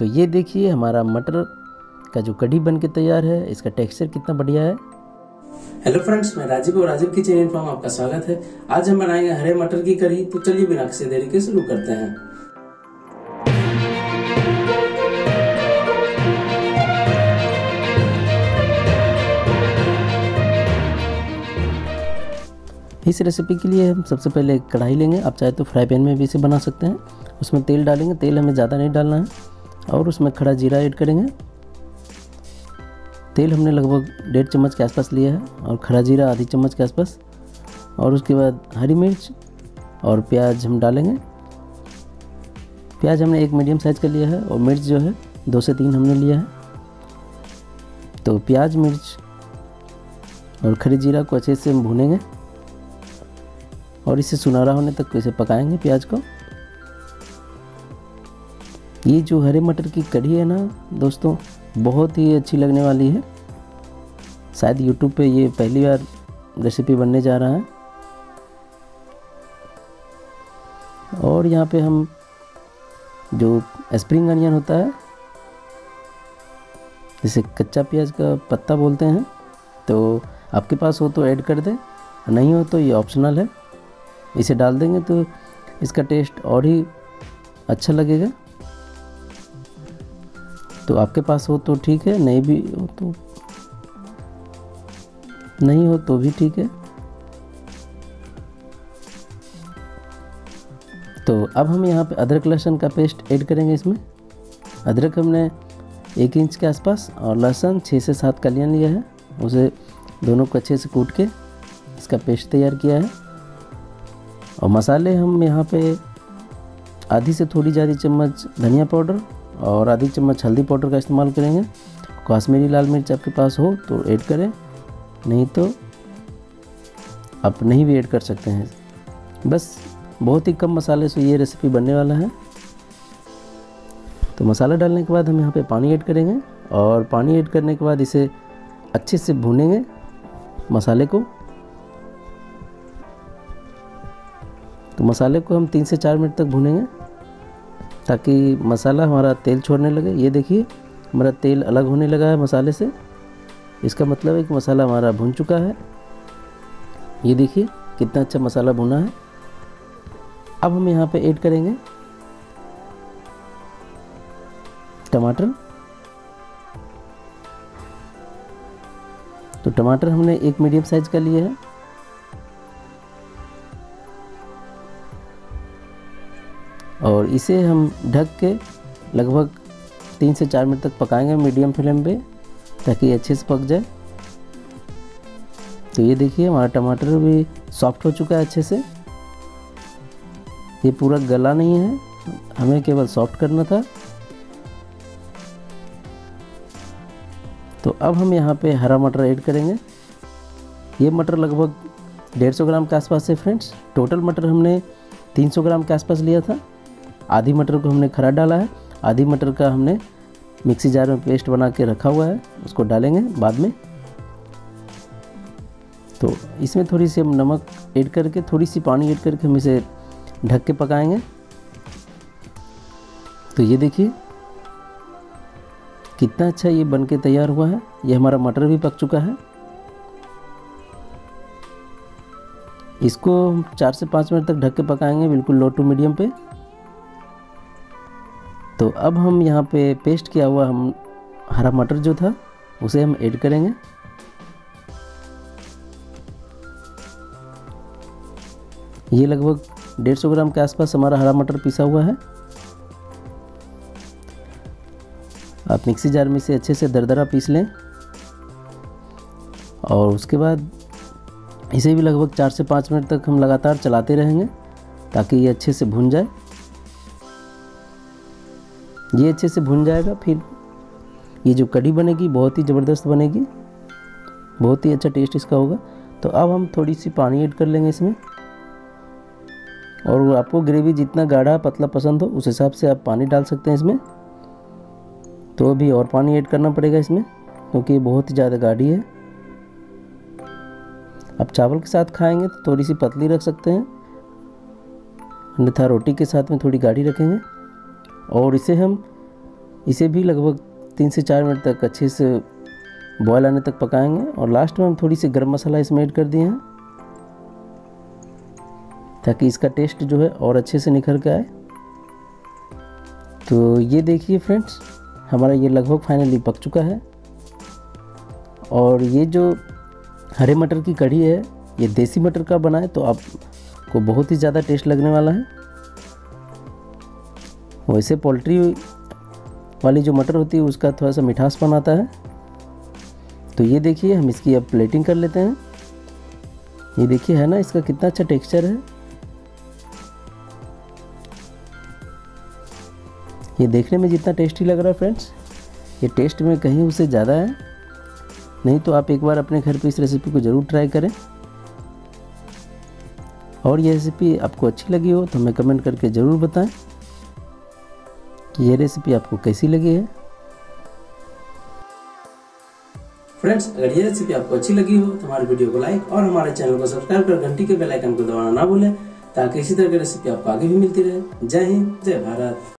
तो ये देखिए हमारा मटर का जो कढ़ी बन के तैयार है इसका टेक्सचर कितना बढ़िया है हेलो फ्रेंड्स मैं राजीव और राजीव किचन एंड आपका स्वागत है आज हम बनाएंगे हरे मटर की कढ़ी तो चलिए बिना किसी देरी के शुरू करते हैं इस रेसिपी के लिए हम सबसे पहले कढ़ाई लेंगे आप चाहे तो फ्राई पैन में भी इसे बना सकते हैं उसमें तेल डालेंगे तेल हमें ज़्यादा नहीं डालना है और उसमें खड़ा जीरा ऐड करेंगे तेल हमने लगभग डेढ़ चम्मच के आसपास लिया है और खड़ा जीरा आधी चम्मच के आसपास और उसके बाद हरी मिर्च और प्याज हम डालेंगे प्याज हमने एक मीडियम साइज़ का लिया है और मिर्च जो है दो से तीन हमने लिया है तो प्याज मिर्च और खड़ी जीरा को अच्छे से हम भूनेंगे और इसे सुनहरा होने तक इसे पकाएंगे प्याज को ये जो हरे मटर की कढ़ी है ना दोस्तों बहुत ही अच्छी लगने वाली है शायद यूट्यूब पे ये पहली बार रेसिपी बनने जा रहा है और यहाँ पे हम जो स्प्रिंग अनियन होता है जिसे कच्चा प्याज का पत्ता बोलते हैं तो आपके पास हो तो ऐड कर दें नहीं हो तो ये ऑप्शनल है इसे डाल देंगे तो इसका टेस्ट और ही अच्छा लगेगा तो आपके पास हो तो ठीक है नहीं भी हो तो नहीं हो तो भी ठीक है तो अब हम यहाँ पे अदरक लहसुन का पेस्ट ऐड करेंगे इसमें अदरक हमने एक इंच के आसपास और लहसुन छः से सात कलियाँ लिया है उसे दोनों को अच्छे से कूट के इसका पेस्ट तैयार किया है और मसाले हम यहाँ पे आधी से थोड़ी ज़्यादा चम्मच धनिया पाउडर और आधी चम्मच हल्दी पाउडर का इस्तेमाल करेंगे काश्मीरी लाल मिर्च आपके पास हो तो ऐड करें नहीं तो आप नहीं भी ऐड कर सकते हैं बस बहुत ही कम मसाले से ये रेसिपी बनने वाला है तो मसाला डालने के बाद हम यहाँ पे पानी ऐड करेंगे और पानी ऐड करने के बाद इसे अच्छे से भूनेंगे मसाले को तो मसाले को हम तीन से चार मिनट तक भूनेंगे ताकि मसाला हमारा तेल छोड़ने लगे ये देखिए हमारा तेल अलग होने लगा है मसाले से इसका मतलब है कि मसाला हमारा भुन चुका है ये देखिए कितना अच्छा मसाला भुना है अब हम यहाँ पे ऐड करेंगे टमाटर तो टमाटर हमने एक मीडियम साइज़ का लिया है और इसे हम ढक के लगभग तीन से चार मिनट तक पकाएंगे मीडियम फ्लेम पे ताकि अच्छे से पक जाए तो ये देखिए हमारा टमाटर भी सॉफ्ट हो चुका है अच्छे से ये पूरा गला नहीं है हमें केवल सॉफ्ट करना था तो अब हम यहाँ पे हरा मटर ऐड करेंगे ये मटर लगभग 150 ग्राम के आसपास है फ्रेंड्स टोटल मटर हमने 300 ग्राम के आसपास लिया था आधी मटर को हमने खरा डाला है आधी मटर का हमने मिक्सी जार में पेस्ट बना के रखा हुआ है उसको डालेंगे बाद में तो इसमें थोड़ी सी हम नमक ऐड करके थोड़ी सी पानी ऐड करके हम इसे ढक के पकाएंगे तो ये देखिए कितना अच्छा ये बन के तैयार हुआ है ये हमारा मटर भी पक चुका है इसको चार से पाँच मिनट तक ढक के पकाएंगे बिल्कुल लो टू मीडियम पे अब हम यहाँ पे पेस्ट किया हुआ हम हरा मटर जो था उसे हम ऐड करेंगे ये लगभग 150 ग्राम के आसपास हमारा हरा मटर पिसा हुआ है आप मिक्सी जार में से अच्छे से दरदरा पीस लें और उसके बाद इसे भी लगभग चार से पाँच मिनट तक हम लगातार चलाते रहेंगे ताकि ये अच्छे से भुन जाए ये अच्छे से भुन जाएगा फिर ये जो कड़ी बनेगी बहुत ही ज़बरदस्त बनेगी बहुत ही अच्छा टेस्ट इसका होगा तो अब हम थोड़ी सी पानी ऐड कर लेंगे इसमें और आपको ग्रेवी जितना गाढ़ा पतला पसंद हो उस हिसाब से आप पानी डाल सकते हैं इसमें तो अभी और पानी ऐड करना पड़ेगा इसमें क्योंकि ये बहुत ही ज़्यादा गाढ़ी है आप चावल के साथ खाएंगे तो थोड़ी सी पतली रख सकते हैं अन्यथा रोटी के साथ में थोड़ी गाढ़ी रखेंगे और इसे हम इसे भी लगभग तीन से चार मिनट तक अच्छे से बॉयल आने तक पकाएंगे और लास्ट में हम थोड़ी सी गर्म मसाला इसमें ऐड कर दिए हैं ताकि इसका टेस्ट जो है और अच्छे से निखर के आए तो ये देखिए फ्रेंड्स हमारा ये लगभग फाइनली पक चुका है और ये जो हरे मटर की कढ़ी है ये देसी मटर का बना है तो आपको बहुत ही ज़्यादा टेस्ट लगने वाला है वैसे पोल्ट्री वाली जो मटर होती है उसका थोड़ा सा मिठासपन आता है तो ये देखिए हम इसकी अब प्लेटिंग कर लेते हैं ये देखिए है ना इसका कितना अच्छा टेक्सचर है ये देखने में जितना टेस्टी लग रहा है फ्रेंड्स ये टेस्ट में कहीं उससे ज़्यादा है नहीं तो आप एक बार अपने घर पे इस रेसिपी को ज़रूर ट्राई करें और ये रेसिपी आपको अच्छी लगी हो तो हमें कमेंट करके ज़रूर बताएं ये रेसिपी आपको कैसी लगी है फ्रेंड्स अगर ये रेसिपी आपको अच्छी लगी हो तो हमारे वीडियो को लाइक और हमारे चैनल को सब्सक्राइब कर घंटी के बेल आइकन को दबाना ना भूलें ताकि इसी तरह की रेसिपी आपको आगे भी मिलती रहे जय हिंद जय भारत